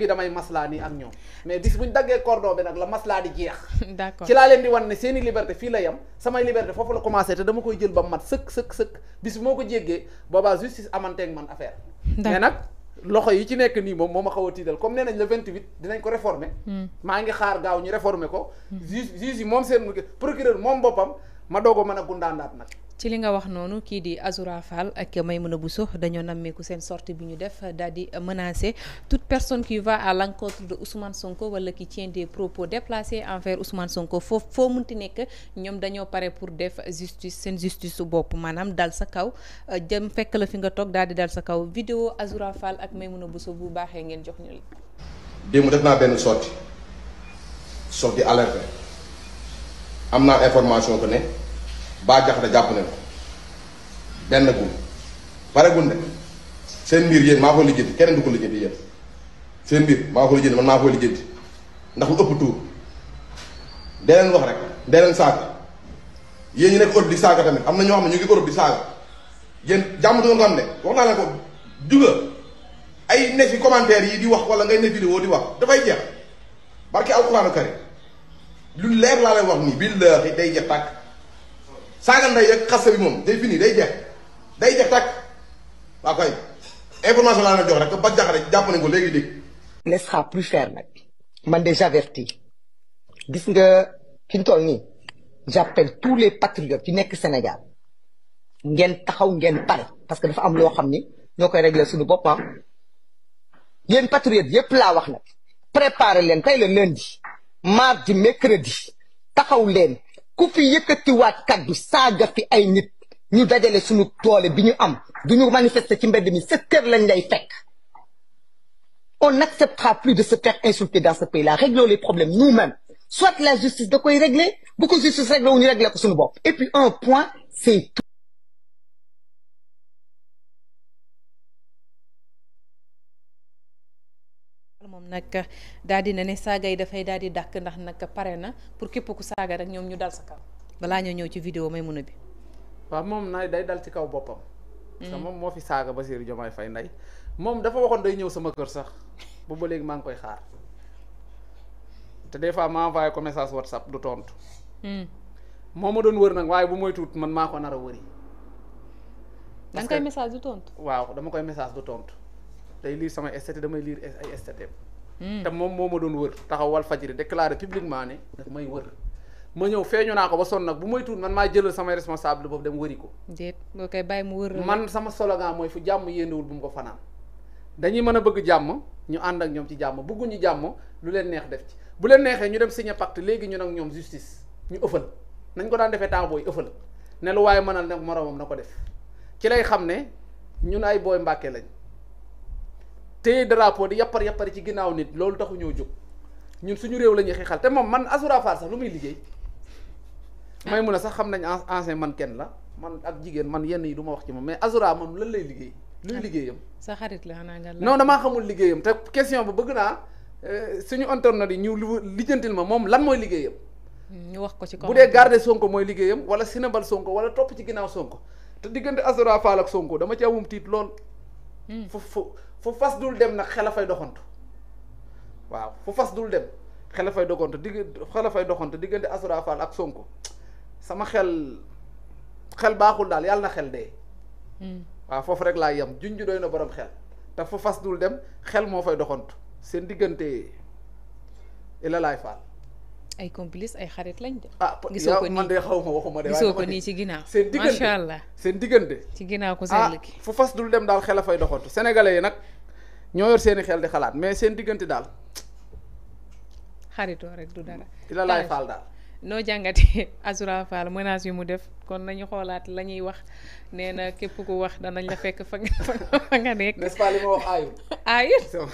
kii damay maslaa nii ak ñoom mais bis buñ daggee cordon bi nag la maslaa di jeex d'accord ci laa seeni liberté fii la yem samay liberté foofu la commencé te dama koy jël ba mat sëkk sëkk bis bi moo ko jéggee boobaa justice amanteeg man affaire mais nag loxo yi ci nekk nii moom moo ma xaw a tiital comme nee nañ le 28 dinañ ko réformer hmm. maa ngi xaar gaaw ñu réformer ko hmm. juge juge yi moom seen procureur moom boppam ma doog a a gundaandaat nag ci li nga wax noonu kii di Azoura Fall ak Maïmouna Bousso dañoo nammeeku seen sortie bi ñu def daal di menacer toute personne qui va à l'encontre de Ousmane Sonko wala qui tient des propos déplacés envers Ousmane Sonko foofu foo munti nekk ñoom dañoo pare pour def justice seen justice su bopp maanaam dal sa kaw jëm fekk la fi nga toog daal di dal sa kaw vidéo Azoura Fall ak Maïmouna Bousso bu baaxee ngeen jox ñu li démb def naa benn sortie sortie alerte am naa information que ne Bah Diakhaté jàpp nañu benn gun pare gun de seen mbir yéen maa koy lijjanti keneen du ko lijjanti yéen seen mbir maa koy lijjanti man maa koy lijjanti ndax lu ëpp tuur dee leen wax rek dee leen saaga yéen ñi nekk Europe di saaga tamit am na ñoo xam ne ñu ngi Europe di saaga yéen jàmm du nga am ne wax naa leen ko juga ay ne ci commentaire yi di wax wala ngay ne vidéo di wax dafay jeex barke alxuraanu karim lu leer laa lay wax nii billaahi day jeex saaga nday yeeg xase bi moom day fini day jeex day jeex tak waa koy information la la jox rek ba rek japp nañ ko legui léegi ne sera plus cher nak man déjà averti gis nga ki ñu toll j'appelle tous les patriotes yi nek Sénégal ngeen taxaw ngeen pare parce que dafa am lo xamni ñokoy régler suñu bop boppam ah. yeen patriotes yépp la wax nak préparer len tay le lundi mardi mercredi taxaw len ku fi yëkkatiwaat kaddu saga fi ay nit ñu dajale suñu toole biñu am duñu manifester ci mbedd mi sa kër lañ lay fekk on n'acceptera plus de se faire insulter dans ce pays-là réglons les problèmes nous-mêmes soit la justice da koy régler beaucoup de justice régler wu ñu régler ko suñu bop et puis un point c'est moom nag daal di ne saaga yi dafay daal di dàkk ndax nag pare na pour képp ku saaga rek ñoom ñu dal sa kaw balaa ñoo ñëw ci vidéo may mun a bi waaw moom na day dal ci kaw boppam mm. parce que moom moo fi saaga ba Diomaye Faye nday moom dafa waxoon day ñëw sama kër sax ba ba léegi maa ngi koy xaar te des fois ma envoyé ko message whatsapp du tontu. Mm. moo ma doon wër nag waaye bu mooy tuut man maa ko nar a wëri. da nga message du tontu. waaw dama koy message du tontu. day lire sama STT damay lire ay STT hmm. te moom moo ma doon wër taxawal fajiri déclarer publiquement né daf may wër ma ñew feñu naa ko ba son nak bu moy tout man ma jël sama responsable bop dem wëri ko déet nga mu wër man sama slogan moy fu jàmm yéenewul bu mu ko fanaan dañuy mëna bëgg jamm ñu and ak ñom ci jàmm bëgguñu jamm lu leen neex def ci bu leen neexé ñu dem signé pacte légui ñu nak ñom justice ñu ëffal nañ ko daan temps boy ëffal né lu way mënal nak moromam na ko def ci lay xamné ñun ay boy mbàkke lañu téye drapeau di yappar yappari ci ginnaaw nit loolu taxu ñoo jóg ñun suñu réew la ñuy xeexal te moom man Azoura Fall sax lu muy liggéey may mun a sax xam nañ ancien man kenn la man ak jigéen man yenn yi du ma wax ci moom mais Azoura moom lan lay liggéey luy liggéeyam sa xarit la xanaa nga non damaa xamul liggéeyam te question bu bëgg naa euh, suñu internet yi ñu lijjantil ma moom lan mooy liggéeyam ñu hmm, wax ko ci bu dee garder Sonko mooy liggéeyam wala sinabal Sonko wala topp ci ginnaaw Sonko te diggante Azoura Fall ak dama ci amum tiit lool Hmm. fu fu fu fas dul dem nag xel a fay doxantu waaw fu fas dul dem xel a fay doxantu digg xel a fay doxantu diggante Azoura Fall ak Sonko sama xel xel baaxul daal yàlla na xel de hmm. waaw foofu rek laa yem junj doy na borom xel te fu fas dul dem xel moo fay doxantu seen diggante ila laay faal. ay complice ay xarit lañ de. ah gisoo ko nii man de xaw de gisoo nii ci ginnaaw. seen diggante macha allah seen diggante. ci ginnaaw ko sell ah, ki fu fas dul dem daal xel a fay doxantu sénégalais yi nag ñoo yor seen xel di xalaat mais seen diggante daal. xaritoo rek du dara. ci la laay faal daal. noo jàngatee Azoura Fall menaces yi mu def kon nañu xoolaat la ñuy wax nee na képp ku wax danañ la fekk fa nga fa nga nekk. n'est-ce ma wax aayul. aayul.